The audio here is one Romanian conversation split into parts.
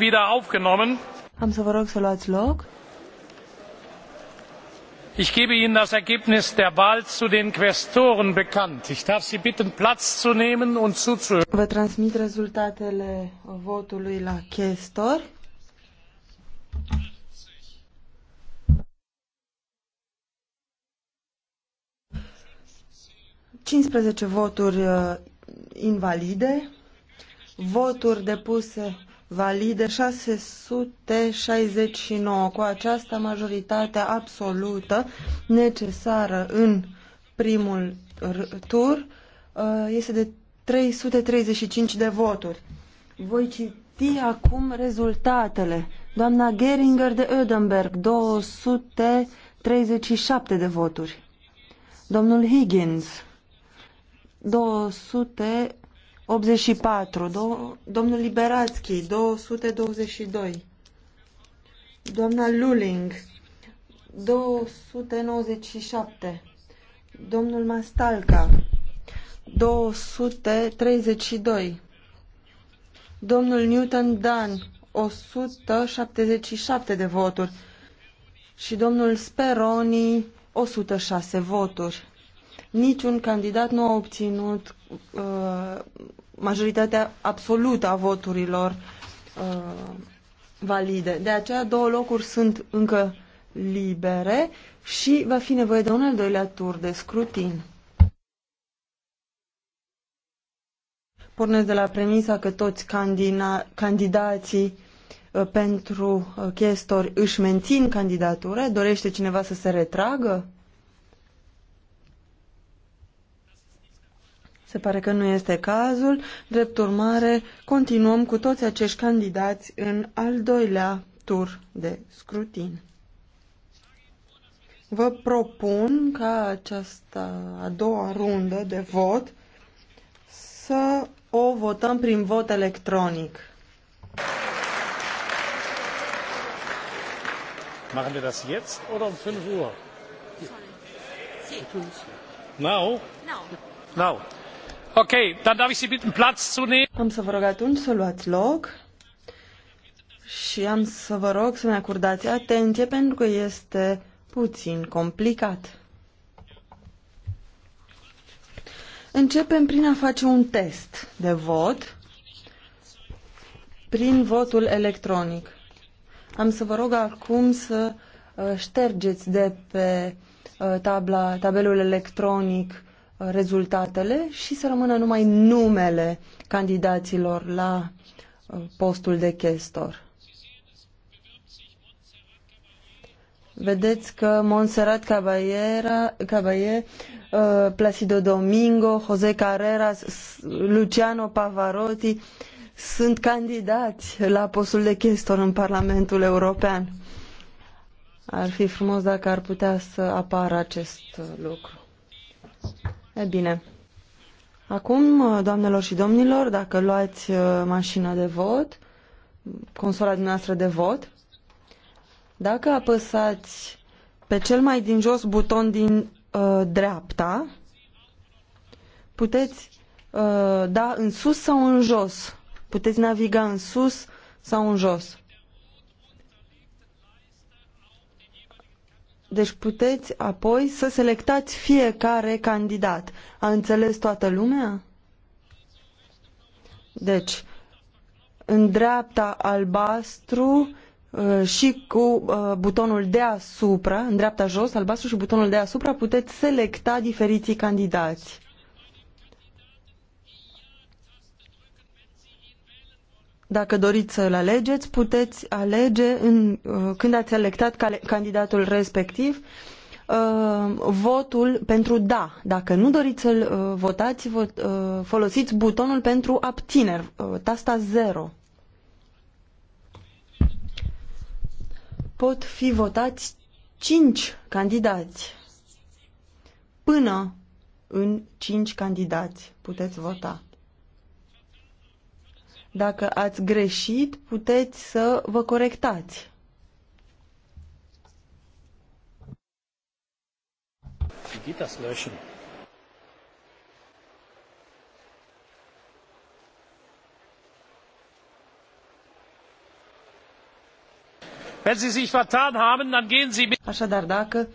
wieder aufgenommen. Am să vă rog să luați loc. Ich gebe Ihnen das Ergebnis der Wahl zu den Quästoren bekannt. Ich darf Sie bitten, Platz zu nehmen und zuzuhören. Vă transmit rezultatele votului la chestor. Cincisprezece voturi uh, invalide, voturi depuse valide 669. Cu aceasta majoritate absolută necesară în primul tur uh, este de 335 de voturi. Voi citi acum rezultatele. Doamna Geringer de Ödenberg, 237 de voturi. Domnul Higgins, 200 84. Do domnul Liberatski, 222. Doamna Luling, 297. Domnul Mastalca, 232. Domnul Newton Dan, 177 de voturi. Și domnul Speroni, 106 voturi niciun candidat nu a obținut uh, majoritatea absolută a voturilor uh, valide. De aceea două locuri sunt încă libere și va fi nevoie de un al doilea tur de scrutin. Pornesc de la premisa că toți candida candidații uh, pentru uh, chestori își mențin candidatura. Dorește cineva să se retragă? Se pare că nu este cazul. Drept urmare, continuăm cu toți acești candidați în al doilea tur de scrutin. Vă propun ca această a doua rundă de vot să o votăm prin vot electronic. Machen wir das jetzt oder um 5 Uhr? Now? Now. Now. Ok, dann darf ich Sie bitten, Platz zu nehmen. Am să vă rog atunci să luați loc și am să vă rog să ne acordați atenție pentru că este puțin complicat. Începem prin a face un test de vot prin votul electronic. Am să vă rog acum să uh, ștergeți de pe uh, tabla, tabelul electronic rezultatele și să rămână numai numele candidaților la uh, postul de chestor. Vedeți că Montserrat Caballera, Caballé, uh, Placido Domingo, José Carreras, Luciano Pavarotti sunt candidați la postul de chestor în Parlamentul European. Ar fi frumos dacă ar putea să apară acest uh, lucru. E bine. Acum, doamnelor și domnilor, dacă luați uh, mașina de vot, consola dumneavoastră de vot, dacă apăsați pe cel mai din jos buton din uh, dreapta, puteți uh, da în sus sau în jos. Puteți naviga în sus sau în jos. Deci puteți apoi să selectați fiecare candidat. A înțeles toată lumea? Deci, în dreapta albastru uh, și cu uh, butonul deasupra, în dreapta jos, albastru și butonul deasupra, puteți selecta diferiții candidați. Dacă doriți să-l alegeți, puteți alege în, uh, când ați electat candidatul respectiv uh, votul pentru da. Dacă nu doriți să-l uh, votați, vot, folosiți butonul pentru abțineri, tasta 0. Pot fi votați 5 candidați. Până în 5 candidați puteți vota. Dacă ați greșit, puteți să vă corectați. Așadar, dacă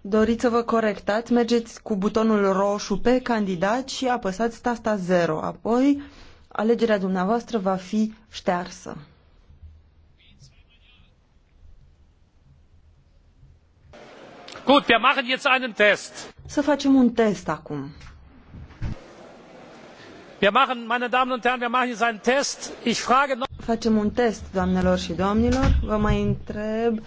doriți să vă corectați, mergeți cu butonul roșu pe candidat și apăsați tasta 0. Apoi alegerea dumneavoastră va fi ștearsă. Gut, wir machen jetzt einen Test. Să facem un test acum. Wir machen, meine Damen und Herren, wir machen jetzt einen Test. Ich frage noch... Facem un test, doamnelor și domnilor. Vă mai întreb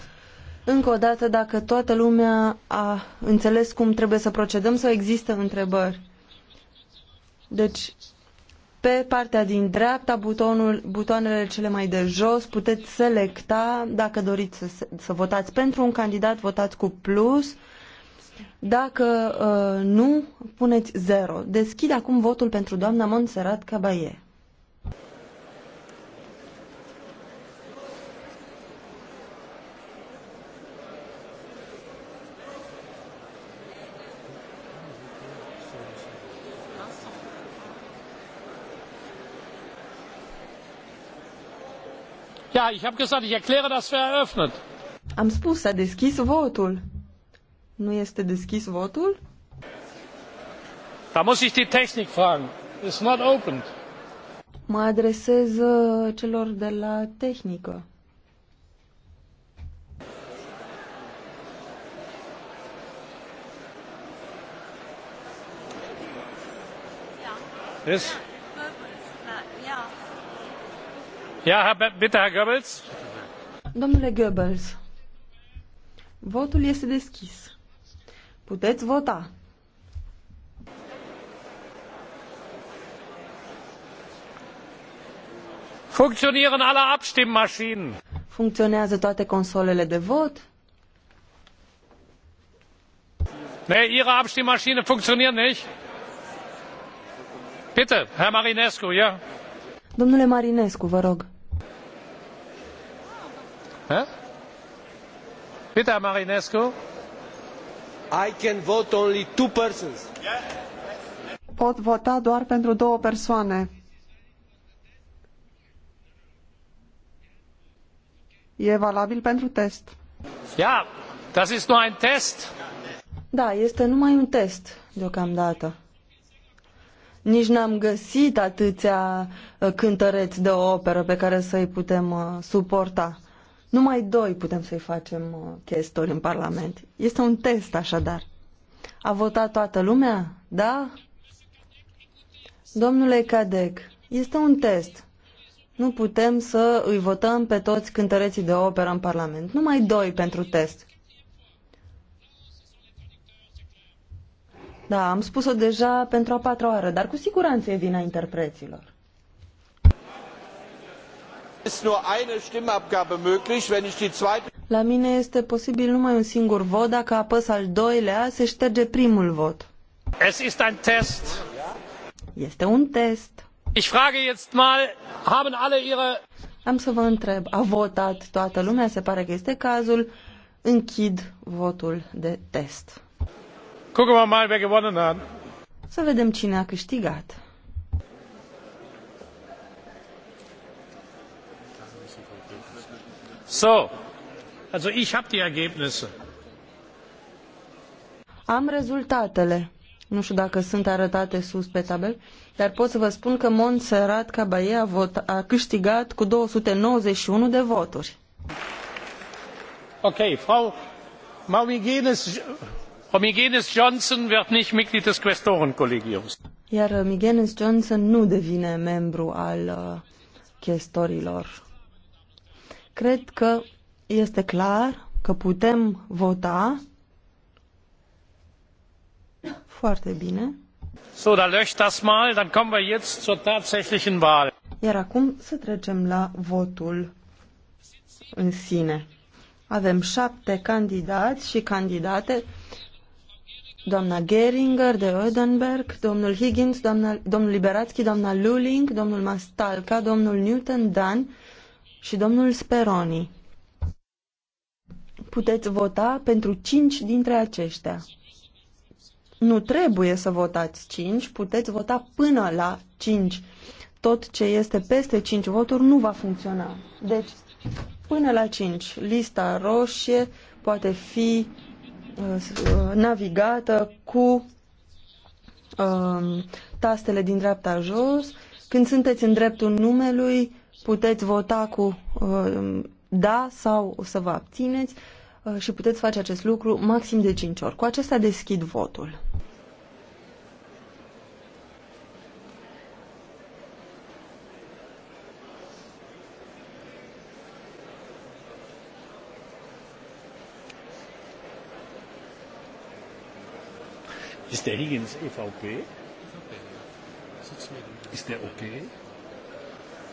încă o dată dacă toată lumea a înțeles cum trebuie să procedăm sau există întrebări. Deci, pe partea din dreapta, butonul, butoanele cele mai de jos, puteți selecta, dacă doriți să, să votați pentru un candidat, votați cu plus. Dacă uh, nu, puneți zero. Deschid acum votul pentru doamna Montserrat Caballé. Am spus, s-a deschis votul. Nu este deschis votul? Da muss ich die Technik fragen. It's not opened. Mă adresez uh, celor de la tehnică. Yes? Domnule Goebbels, votul este deschis. Puteți vota. Funcționează Funcționează toate consolele de vot? Nee, Ihre Abstimmmaschine funktioniert nicht. Bitte, Herr Marinescu, ja. Domnule Marinescu, vă rog. Peter Marinescu. I can vote only two persons. Pot vota doar pentru două persoane. E valabil pentru test. Ja, das ist nur ein test. Da, este numai un test deocamdată. Nici n-am găsit atâția uh, cântăreți de o operă pe care să-i putem uh, suporta. Numai doi putem să-i facem uh, chestori în Parlament. Este un test, așadar. A votat toată lumea? Da? Domnule Cadec, este un test. Nu putem să îi votăm pe toți cântăreții de operă în Parlament. Numai doi pentru test. Da, am spus-o deja pentru a patra oară, dar cu siguranță e vina interpreților. La mine este posibil numai un singur vot. Dacă apăs al doilea, se șterge primul vot. Es ist ein test. Este un test. Ich frage jetzt mal, haben alle ihre... Am să vă întreb, a votat toată lumea? Se pare că este cazul. Închid votul de test. Gucken wir mal, wer gewonnen hat. Să vedem cine a câștigat. also ich habe die Ergebnisse. Am rezultatele. Nu știu dacă sunt arătate sus pe tabel, dar pot să vă spun că Montserrat Caballé a, vot, a câștigat cu 291 de voturi. Ok, Frau Maumigenes, Johnson wird nicht Mitglied des Quästorenkollegiums. Iar Migenes Johnson nu devine membru al uh, chestorilor Cred că este clar că putem vota foarte bine. So, da löscht das mal, dann kommen wir jetzt zur tatsächlichen Wahl. Iar acum să trecem la votul în sine. Avem șapte candidați și candidate doamna Geringer de Oedenberg, domnul Higgins, doamna, domnul Liberatski, doamna Luling, domnul Mastalka, domnul Newton, Dan și domnul Speroni. Puteți vota pentru cinci dintre aceștia. Nu trebuie să votați cinci, puteți vota până la cinci. Tot ce este peste cinci voturi nu va funcționa. Deci, până la cinci, lista roșie poate fi uh, navigată cu um, tastele din dreapta jos. Când sunteți în dreptul numelui, puteți vota cu uh, da sau să vă abțineți uh, și puteți face acest lucru maxim de 5 ori. Cu acesta deschid votul. Este Higgins EVP? OK? Este OK?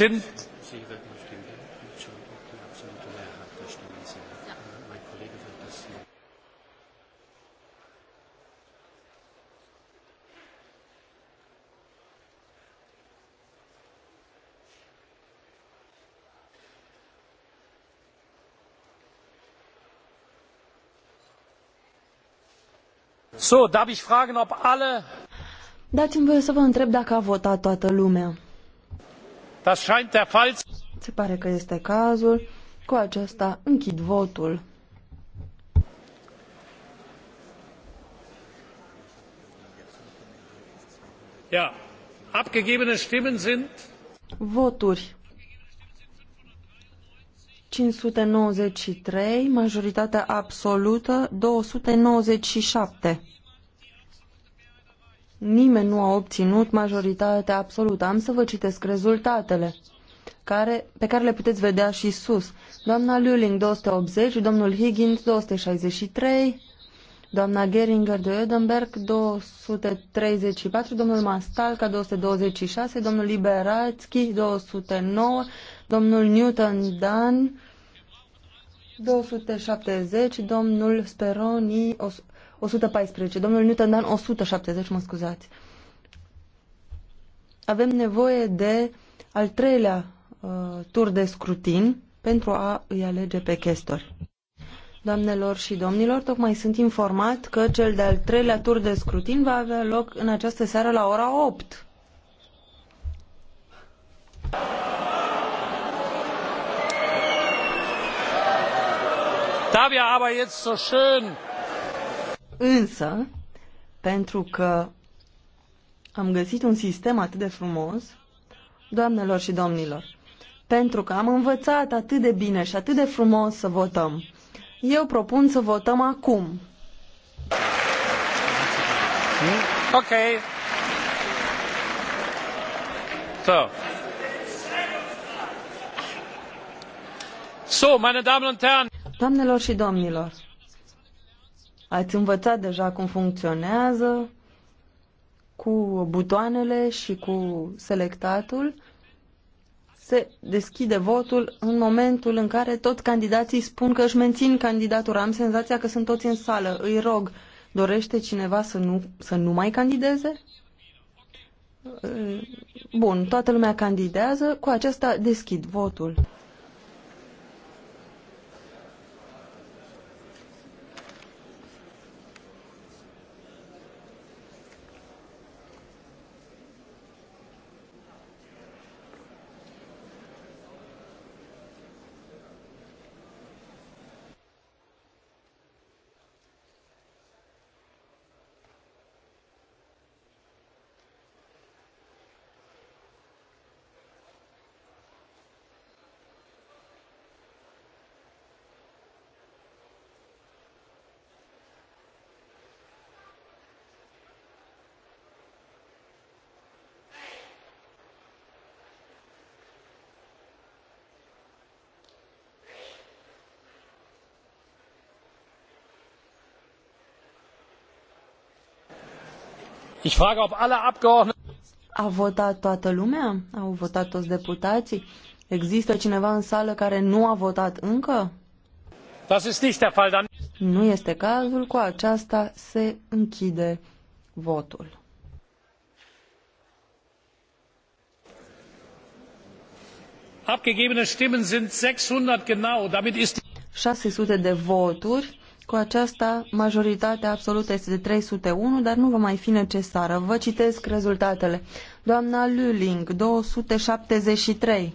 sind So, darf ich fragen, ob alle... Dați-mi voie să vă întreb dacă a votat toată lumea. Das scheint der Fall. Se pare că este cazul. Cu aceasta închid votul. Ja, abgegebene Stimmen sind Voturi 593, majoritatea absolută 297. Nimeni nu a obținut majoritatea absolută. Am să vă citesc rezultatele care, pe care le puteți vedea și sus. Doamna Luling 280, domnul Higgins 263, doamna Geringer de Edenberg 234, domnul Mastalca 226, domnul Liberatski 209, domnul Newton Dan 270, domnul Speroni 114. Domnul Newton Dan, 170, mă scuzați. Avem nevoie de al treilea uh, tur de scrutin pentru a îi alege pe chestori. Doamnelor și domnilor, tocmai sunt informat că cel de-al treilea tur de scrutin va avea loc în această seară la ora 8. Da, wir aber jetzt so schön Însă, pentru că am găsit un sistem atât de frumos, doamnelor și domnilor, pentru că am învățat atât de bine și atât de frumos să votăm. Eu propun să votăm acum. Ok. So. So, meine Damen und Herren. Doamnelor și domnilor, Ați învățat deja cum funcționează cu butoanele și cu selectatul. Se deschide votul în momentul în care toți candidații spun că își mențin candidatura. Am senzația că sunt toți în sală. Îi rog, dorește cineva să nu, să nu mai candideze? Bun, toată lumea candidează. Cu acesta deschid votul. Au votat toată lumea? Au votat toți deputații? Există cineva în sală care nu a votat încă? Das ist nicht der Fall. Dann... Nu este cazul, cu aceasta se închide votul. Abgegebene Stimmen sind 600 genau, damit ist 600 de voturi cu aceasta, majoritatea absolută este de 301, dar nu va mai fi necesară. Vă citesc rezultatele. Doamna Luling, 273.